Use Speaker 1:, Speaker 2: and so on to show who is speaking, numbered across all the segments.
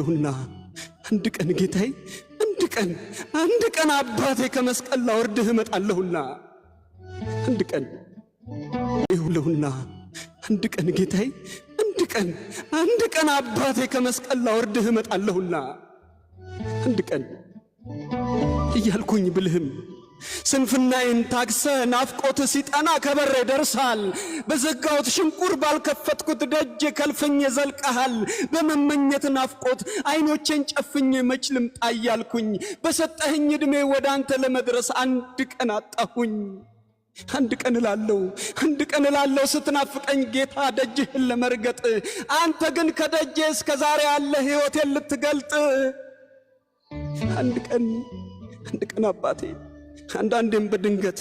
Speaker 1: አለሁና አንድ ቀን ጌታዬ፣ አንድ ቀን አንድ ቀን አባቴ ከመስቀል ላወርድህ እመጣለሁና አንድ ቀን ይሁለሁና አንድ ቀን ጌታዬ፣ አንድ ቀን አንድ ቀን አባቴ ከመስቀል ላወርድህ እመጣለሁና አንድ ቀን እያልኩኝ ብልህም ስንፍናዬን ታግሰ ናፍቆት ሲጠና ከበሬ ደርሳል። በዘጋሁት ሽንቁር ባልከፈትኩት ደጅ ከልፍኝ ዘልቀሃል። በመመኘት ናፍቆት አይኖቼን ጨፍኝ መች ልምጣ እያልኩኝ በሰጠህኝ ዕድሜ ወደ አንተ ለመድረስ አንድ ቀን አጣሁኝ። አንድ ቀን እላለሁ አንድ ቀን እላለሁ ስትናፍቀኝ ጌታ ደጅህን ለመርገጥ አንተ ግን ከደጄ እስከ ዛሬ ያለ ሕይወቴን ልትገልጥ አንድ ቀን አንድ ቀን አባቴ አንዳንዴም በድንገት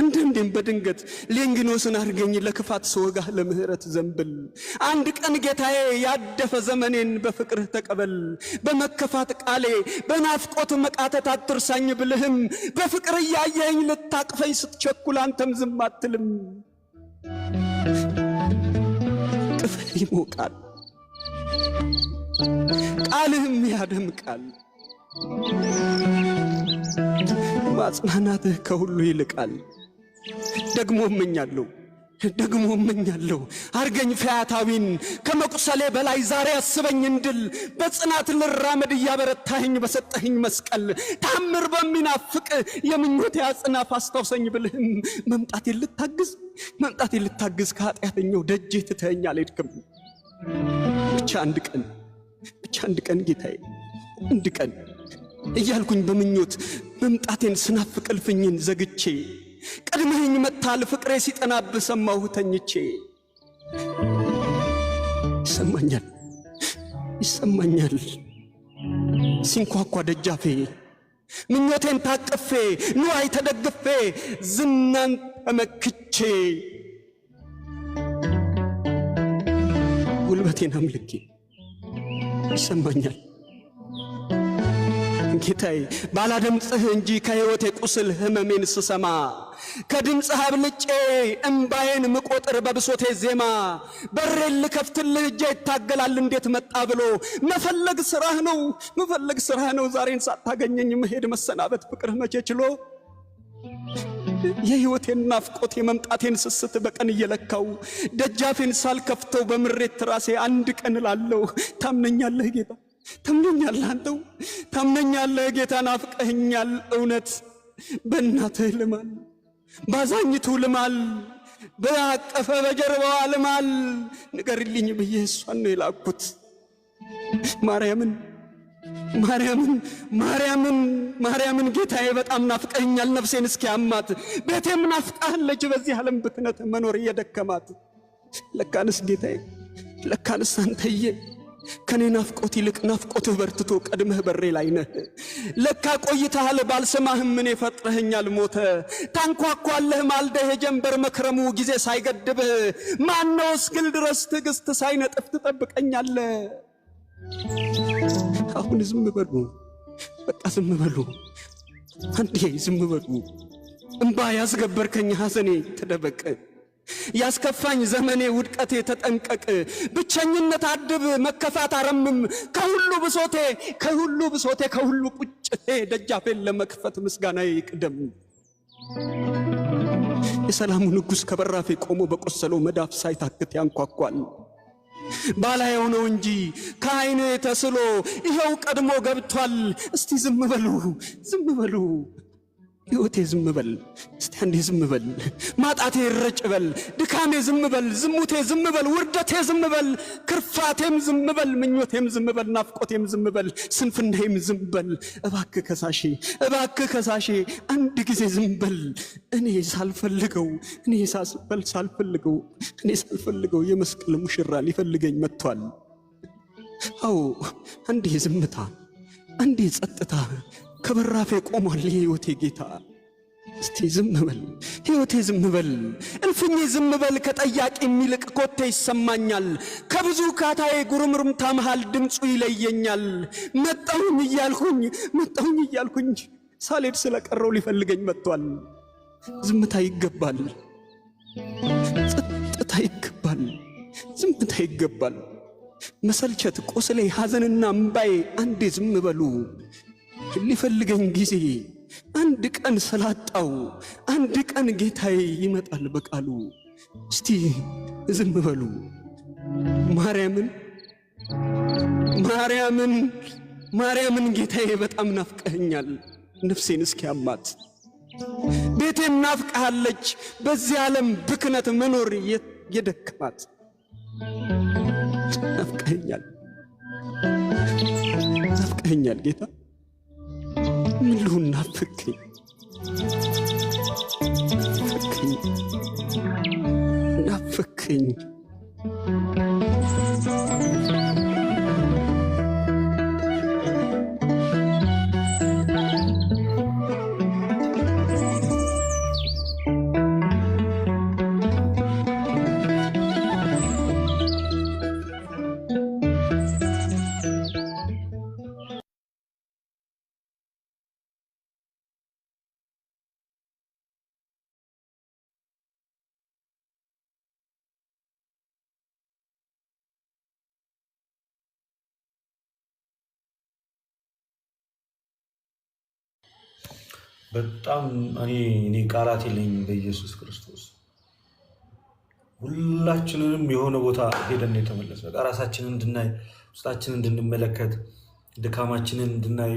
Speaker 1: አንዳንዴም በድንገት ሌንግኖስን አድርገኝ ለክፋት ስወጋህ ለምህረት ዘንብል። አንድ ቀን ጌታዬ ያደፈ ዘመኔን በፍቅርህ ተቀበል። በመከፋት ቃሌ በናፍቆት መቃተት አትርሳኝ ብልህም በፍቅር እያየኝ ልታቅፈኝ ስትቸኩል አንተም ዝም አትልም። ቅፍል ይሞቃል፣ ቃልህም ያደምቃል። ማጽናናትህ ከሁሉ ይልቃል። ደግሞ እመኛለሁ ደግሞ እመኛለሁ አርገኝ ፈያታዊን ከመቁሰሌ በላይ ዛሬ አስበኝ እንድል በጽናት ልራመድ እያበረታኸኝ በሰጠኸኝ መስቀል ታምር በሚናፍቅ የምኞቴ አጽናፍ አስታውሰኝ ብልህም መምጣቴ ልታግዝ መምጣቴ ልታግዝ ከኃጢአተኛው ደጅ ትተኸኝ አልሄድክም። ብቻ አንድ ቀን ብቻ አንድ ቀን ጌታዬ አንድ ቀን እያልኩኝ በምኞት መምጣቴን ስናፍቅ እልፍኝን ዘግቼ ቀድመኝ መጥታል ፍቅሬ ሲጠናብ ሰማሁ ተኝቼ። ይሰማኛል ይሰማኛል ሲንኳኳ ደጃፌ ምኞቴን ታቅፌ ንዋይ ተደግፌ ዝናን ተመክቼ ጉልበቴን አምልኬ ይሰማኛል ጌታዬ ባላደምፅህ እንጂ ከሕይወቴ ቁስል ህመሜን ስሰማ ከድምፅህ አብልጬ እምባዬን ምቆጥር በብሶቴ ዜማ በሬን ልከፍትልህ እጄ ይታገላል እንዴት መጣ ብሎ መፈለግ ስራህ ነው መፈለግ ስራህ ነው ዛሬን ሳታገኘኝ መሄድ መሰናበት ፍቅርህ መቼ ችሎ የሕይወቴን ናፍቆት የመምጣቴን ስስት በቀን እየለካው ደጃፌን ሳልከፍተው በምሬት ራሴ አንድ ቀን እላለሁ ታምነኛለህ ጌታ ታምነኛለህ፣ አንተው ታምነኛለህ። ጌታ ናፍቀኸኛል። እውነት በእናትህ ልማል፣ ባዛኝቱ ልማል፣ በያቀፈ በጀርባዋ ልማል። ንገርልኝ ብዬ እሷን ነው የላኩት። ማርያምን ማርያምን ማርያምን ማርያምን ጌታዬ በጣም ናፍቀኸኛል። ነፍሴን እስኪ አማት ቤቴም ናፍቃለች። በዚህ ዓለም ብትነት መኖር እየደከማት ለካንስ ጌታዬ ለካንስ አንተዬ ከኔ ናፍቆት ይልቅ ናፍቆትህ በርትቶ ቀድመህ በሬ ላይ ነህ። ለካ ቆይተሃል ባልሰማህም ምን የፈጥረህኛል ሞተ ታንኳኳለህ ማልደህ የጀንበር መክረሙ ጊዜ ሳይገድብህ ማነው እስክል ድረስ ትዕግሥት ሳይነጥፍ ትጠብቀኛለ። አሁን ዝም በሉ በቃ ዝም በሉ አንዴ ዝም በሉ እምባ ያስገበርከኝ ሐዘኔ ተደበቀ። ያስከፋኝ ዘመኔ ውድቀቴ ተጠንቀቅ፣ ብቸኝነት አድብ፣ መከፋት አረምም፣ ከሁሉ ብሶቴ ከሁሉ ብሶቴ ከሁሉ ቁጭቴ ደጃፌን ለመክፈት ምስጋና ይቅደም። የሰላሙ ንጉሥ ከበራፌ ቆሞ በቆሰለው መዳፍ ሳይታክት ያንኳኳል። ባላየው ነው እንጂ ከዓይኔ ተስሎ ይኸው ቀድሞ ገብቷል። እስቲ ዝም በሉ፣ ዝም በሉ። ህይወቴ ዝም በል እስቲ አንዴ ዝም በል፣ ማጣቴ ይረጭ በል፣ ድካሜ ዝም በል፣ ዝሙቴ ዝም በል፣ ውርደቴ ዝም በል፣ ክርፋቴም ዝም በል፣ ምኞቴም ዝም በል፣ ናፍቆቴም ዝም በል፣ ስንፍናዬም ዝም በል። እባክ ከሳሼ፣ እባክ ከሳሼ አንድ ጊዜ ዝም በል። እኔ ሳልፈልገው እኔ ሳስበል ሳልፈልገው እኔ ሳልፈልገው የመስቀል ሙሽራ ሊፈልገኝ መጥቷል። አዎ አንዴ ዝምታ፣ አንዴ ጸጥታ ከበራፌ ቆሟል የህይወቴ ጌታ። እስቲ ዝም በል ሕይወቴ፣ ዝም በል እልፍኜ፣ ዝም በል ከጠያቂ የሚልቅ ኮቴ ይሰማኛል። ከብዙ ካታዬ ጉርምርምታ መሃል ድምፁ ይለየኛል። መጣሁኝ እያልኩኝ መጣሁኝ እያልኩኝ ሳሌድ ስለቀረው ሊፈልገኝ መጥቷል። ዝምታ ይገባል፣ ጸጥታ ይገባል፣ ዝምታ ይገባል። መሰልቸት፣ ቁስሌ ሐዘንና እምባዬ አንዴ ዝም በሉ ሊፈልገኝ ጊዜ አንድ ቀን ስላጣው አንድ ቀን ጌታዬ ይመጣል በቃሉ። እስቲ ዝም በሉ ማርያምን ማርያምን ማርያምን ጌታዬ በጣም ናፍቀኛል። ነፍሴን እስኪ አማት ቤቴም ናፍቀሃለች። በዚህ ዓለም ብክነት መኖር የደከማት ናፍቀኛል ናፍቀኛል ጌታ 음, 눈 아프게.
Speaker 2: በጣም እኔ እኔ ቃላት የለኝም በኢየሱስ ክርስቶስ። ሁላችንንም የሆነ ቦታ ሄደን የተመለሰ በቃ ራሳችንን እንድናይ ውስጣችንን እንድንመለከት ድካማችንን እንድናይ